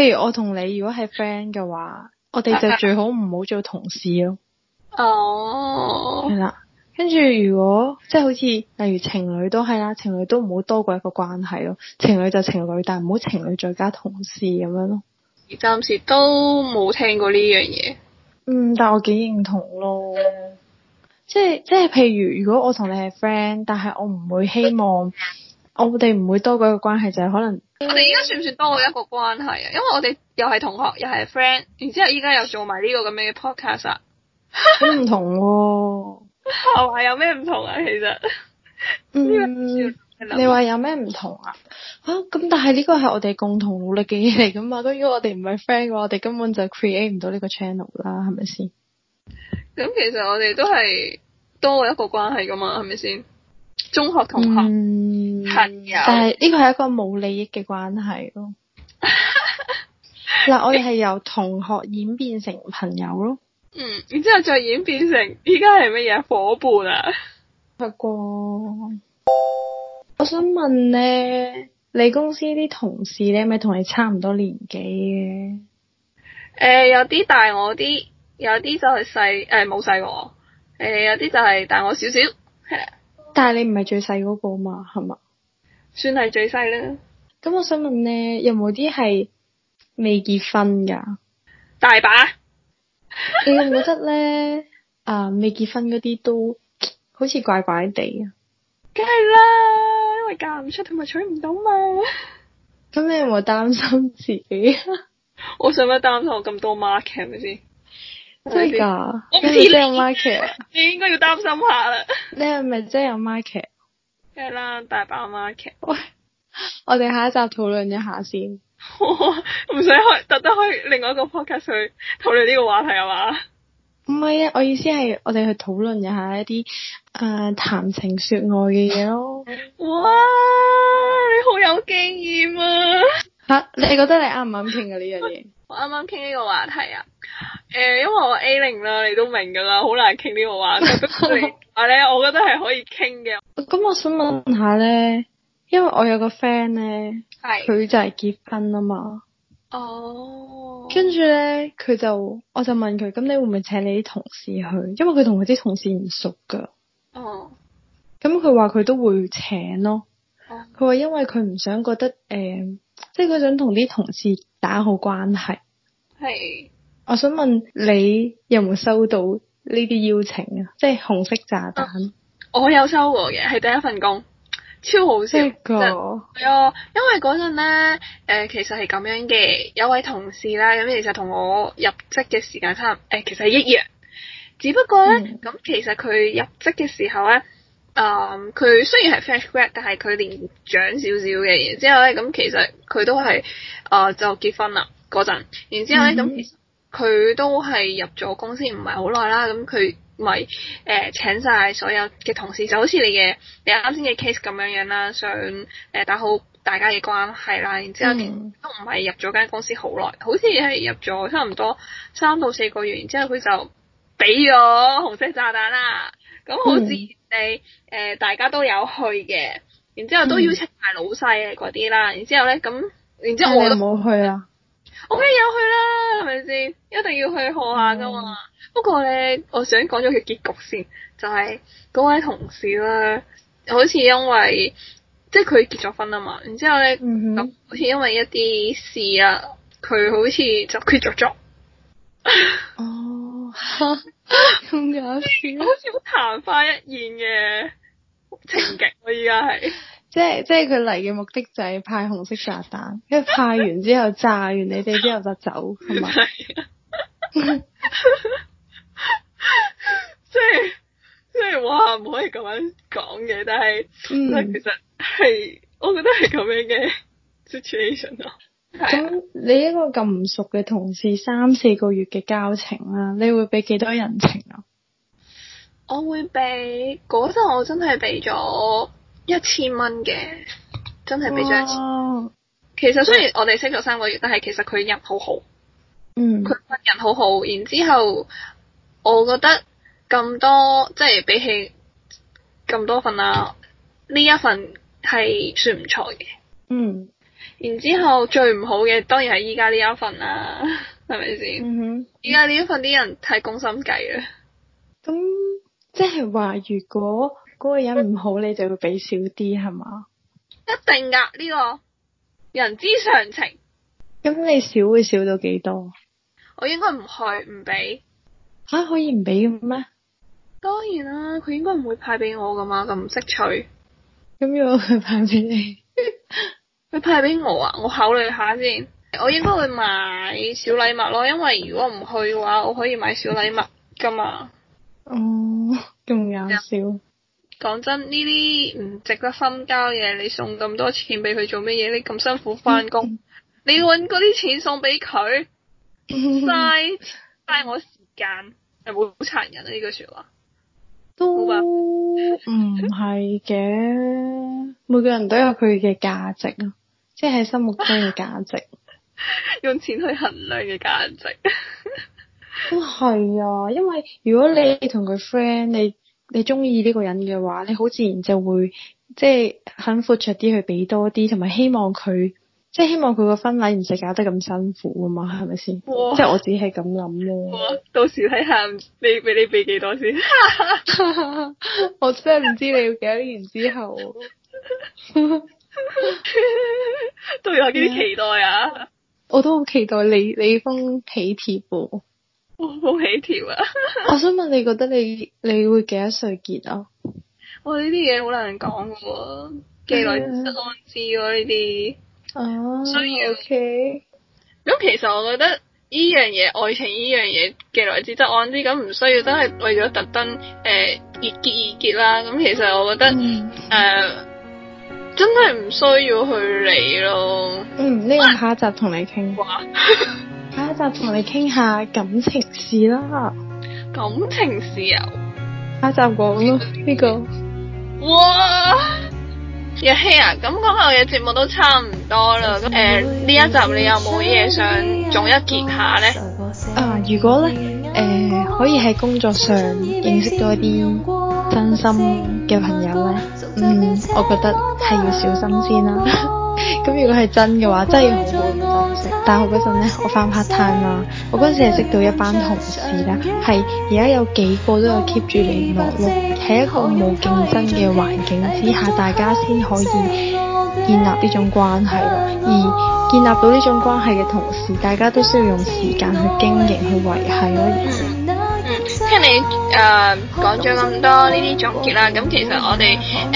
S1: 譬如我同你如果係 friend 嘅話，我哋就最好唔好做同事咯。哦，oh，係啦。跟住如果即係好似例如情侶都係啦，情侶都唔好多過一個關係咯。情侶就情侶，但係唔好情侶再加同事咁樣咯。
S2: 暫時都冇聽過呢樣嘢。
S1: 嗯，但係我幾認同
S2: 咯。
S1: 即係即係，譬如如果我同你係 friend，但係我唔會希望我哋唔會多過一個關係，就係，是，可能。
S2: 我哋而家算唔算多我一個關係啊？因為我哋又係同學，又係 friend，然之後依家又做埋呢個咁樣嘅 podcast 啊。
S1: 唔 (laughs) 同喎，我
S2: 話有咩唔同啊？其實， (laughs)
S1: 嗯， (laughs) 你話有咩唔同啊？啊，咁但係呢個係我哋共同努力嘅嘢嚟噶嘛。如果 (laughs) 我哋唔係 friend 嘅話，我哋根本就 create 唔到呢個 channel 啦，係咪先？
S2: 咁其實我哋都係多我一個關係噶嘛，係咪先？
S1: 中學同學、嗯、朋友，但係呢個係一個冇利益嘅關係咯。嗱， (laughs) 我哋係由同學演變成朋友咯。嗯，
S2: 然之後再演變成依家係乜嘢？伙伴啊？不過，
S1: 我想問咧，你公司啲同事咧，咪同你差唔多年紀
S2: 嘅？誒、呃，有啲大我啲，有啲就係細，誒冇細我，誒有啲、呃、就係大我少少，係。
S1: 但係你唔係最細嗰個嘛，係嘛？
S2: 算係最細啦。
S1: 咁我想問咧，有冇啲係未結婚噶？
S2: 大把。
S1: (laughs) 你有冇覺得咧？啊，未結婚嗰啲都好似怪怪地啊！梗
S2: 係啦，因為嫁唔出，同埋娶唔到咪。
S1: 咁 (laughs) 你有冇擔心自己
S2: 啊？ (laughs) (laughs) 我使乜擔心我咁多 mark 係咪先真係噶，我知你，啊、
S1: 有 market！ (laughs)
S2: 你應該要擔心下
S1: 啦、嗯。你係咪真有 market？梗
S2: 係啦，大把 market！
S1: 喂，我哋下一集討論一下先
S2: (laughs) 唔使開，特登開另外一個 podcast 去討論呢個話題
S1: 係嘛？唔係啊，我意思係我哋去討論一下一啲誒談情說愛嘅嘢
S2: 咯。 (laughs) 哇，你好有經驗啊！吓、啊，你覺得你啱唔啱傾嘅呢樣嘢？ (laughs) 我啱啱傾呢個話題啊。誒，uh, 因為我 A 零啦，你都明
S1: 噶啦，好難傾呢個話題。係咧，我覺得係可以傾嘅。咁、哎、我想問下咧，因為我有個 friend 咧，佢係就係結婚啊嘛。哦、oh,。跟住咧，佢就我就問佢，咁你會唔會請你啲同事去？因為佢同佢啲同事唔熟噶。哦。咁佢話佢都會請咯。佢話、oh, 因為佢唔想覺得誒，uh, 即係佢想同啲同事打好關係。係。我想問你有冇收到呢啲邀請啊？即係紅色炸彈。
S2: 啊、我有收過嘅，係第一份工，超好笑。係啊、這個哦，因為嗰陣咧，誒、呃，其實係咁樣嘅有位同事啦。咁其實同我入職嘅時間差誒，其實係一樣，只不過咧咁、嗯嗯、其實佢入職嘅時候咧，誒、呃，佢雖然係 fresh grad，但係佢年長少少嘅。然之後咧咁其實佢都係啊、呃，就結婚啦嗰陣。然之後咧咁。其、嗯嗯佢都係入咗公司唔係好耐啦，咁佢咪誒請曬所有嘅同事，就好似你嘅你啱先嘅 case 咁樣樣啦，想誒打好大家嘅關係啦，然之後都唔係入咗間公司、嗯、好耐，好似係入咗差唔多三到四個月，然之後佢就俾咗紅色炸彈啦。咁好似你誒大家都有去嘅，然之後都邀請埋老細嗰啲啦，然之後咧咁，然之後,然之後,、嗯、然之後我冇去啊。我梗有去啦，係咪先？一定要去賀下噶嘛。Mm hmm. 不過咧，我想講咗佢結局先，就係、是、嗰位同事啦、啊，好似因為即係佢結咗婚啊嘛。然之後咧、mm hmm.，好似因為一啲事啊，佢好似就辭咗職。哦、 (laughs) oh,，咁有事， (laughs) 好似好曇花一現嘅情景、啊，我依家係。
S1: 即係即係佢嚟嘅目的就係派紅色炸彈，跟住派完之後炸完你哋之後就走，係咪 (laughs) 吧？即係
S2: 即係哇，唔可以咁樣講嘅，但係、嗯、但係、其實係，我覺得係咁樣嘅 situation 咯、啊。咁 (laughs)
S1: (laughs) (laughs) 你一個咁唔熟嘅同事，三四個月嘅交情啦，你會俾幾多人情啊？
S2: 我會俾，嗰陣，我真係俾咗。一千蚊嘅，真係俾咗一千。其實雖然我哋識咗三個月，但係其實佢人好好，嗯，佢份人好好。然之後，我覺得咁多即係比起咁多份啦，呢一份係算唔錯嘅。嗯，然之後最唔好嘅當然係依家呢一份啦，啊，係咪先？嗯哼，依家呢一份啲人太攻心計啦。
S1: 咁即係話如果，嗰個人唔好，你就要俾少啲，係嘛？
S2: 一定噶呢、這個人之常情。
S1: 咁你少會少到幾多？
S2: 我應該唔去，唔俾。
S1: 吓、啊、可以唔俾咩？
S2: 當然啦，佢應該唔會派俾我噶嘛，佢唔識取。
S1: 咁要佢派俾你？
S2: 佢 (laughs) 派俾我啊！我考慮下先。我應該會買小禮物咯，因為如果唔去嘅話，我可以買小禮物噶嘛。
S1: 哦，仲有。笑。 (laughs)
S2: 講真呢啲唔值得深交嘅，你送咁多錢俾佢做乜嘢？你咁辛苦翻工， (laughs) 你搵嗰啲錢送俾佢，嘥嘥 (coughs) 我時間，係好殘忍啊！呢句說話
S1: 都唔係嘅，嗯、 (laughs) 每個人都有佢嘅價值啊，即係心目中嘅價值，
S2: (laughs) 用錢去衡量嘅價值
S1: (laughs) 都係啊，因為如果你同佢 friend 你，你中意呢個人嘅話，你好自然就會即係肯闊綽啲去俾多啲，同埋希望佢即係希望佢個婚禮唔使搞得咁辛苦啊嘛，係咪先？哇即係我只係咁諗咯。
S2: 到時睇下你俾你俾幾多先？ (laughs) (laughs) 我真係唔知你要幾多年之後。都 (laughs) 要 (laughs) 有啲期待啊！
S1: (laughs) 我都好期待你呢封喜帖喎。
S2: 好好起跳
S1: 啊！ (laughs) 我想問你，你覺得你你會幾多歲結啊？
S2: 我呢啲嘢好難講噶喎，既來之則安之咯，呢啲。哦。所以。咁 okay 其實我覺得呢樣嘢，愛情呢樣嘢，既來之則安之，咁唔需要真係為咗特登誒易結易結，結，結啦。咁其實我覺得誒、嗯呃，真係唔需要去理咯。嗯，
S1: 呢、這個下一集同你傾啩。哇 (laughs) 下一集同你傾下感情事啦，
S2: 感情事啊，
S1: 下一集講咯呢個。哇！若
S2: 曦啊，咁講下我嘅節目都差唔多啦。咁誒、嗯，呢、呃、一集你有冇嘢想總一結一下咧？
S1: 啊，如果咧誒、呃、可以喺工作上認識多啲真心嘅朋友咧，嗯，我覺得係要小心先啦。 (laughs) 咁如果係真嘅話，真係要好好咁珍惜。但係我嗰陣咧，我翻 part time 啦，我嗰陣時係識到一班同事啦，係而家有幾個都有 keep 住聯絡喎。喺一個冇競爭嘅環境之下，大家先可以建立呢種關係喎。而建立到呢種關係嘅同時，大家都需要用時間去經營去維係咯。嗯，嗯，聽你誒、uh，講咗咁多呢啲總結啦，
S2: 咁其實我哋誒。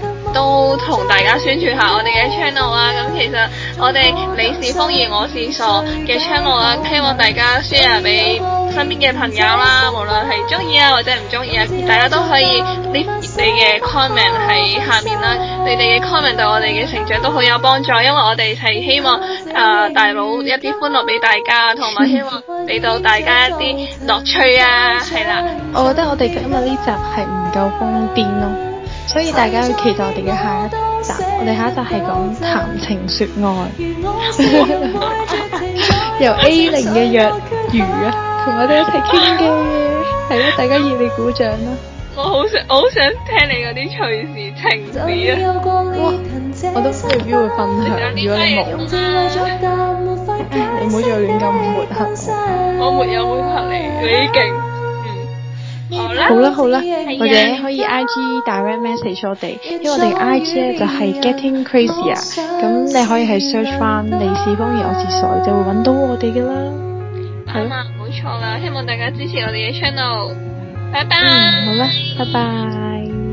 S2: Uh, 都同大家宣傳下我哋嘅 channel 啊！咁其實我哋你是風兒我是傻嘅 channel 啊，希望大家 share 俾身邊嘅朋友啦、啊，無論係中意啊或者唔中意啊，大家都可以 leave 你嘅 comment 喺下面啦、啊，你哋嘅 comment 對我哋嘅成長都好有幫助，因為我哋係希望誒、呃、大佬一啲歡樂俾大家，同埋希望俾到大家一啲樂趣啊！係啦，
S1: 我覺得我哋今日呢集係唔夠瘋癲咯～所以大家要期待我哋嘅下一集， (music) 我哋下一集係講談情說愛，
S2: 哇 (laughs)
S1: 由 A 零嘅若如啊，同我哋一齊傾偈。係咯哇，大家熱烈鼓掌啦、啊！
S2: 我好想，我好想聽你嗰啲趣事情
S1: 啫！哇，我都非常之會分享，想如果你冇用你唔好再亂咁抹黑我，
S2: 我冇有會拍你，你勁。好啦好啦，好好或者可
S1: 以 I G direct message 我哋。s 因為我哋、er, I G 咧就係 getting crazier 啊，咁你可以係 se so search 翻利是幫人還是傻，就會揾到我哋噶啦。
S2: 好，冇錯啦，希望大家支持我哋嘅 channel。拜拜，好啦，拜拜。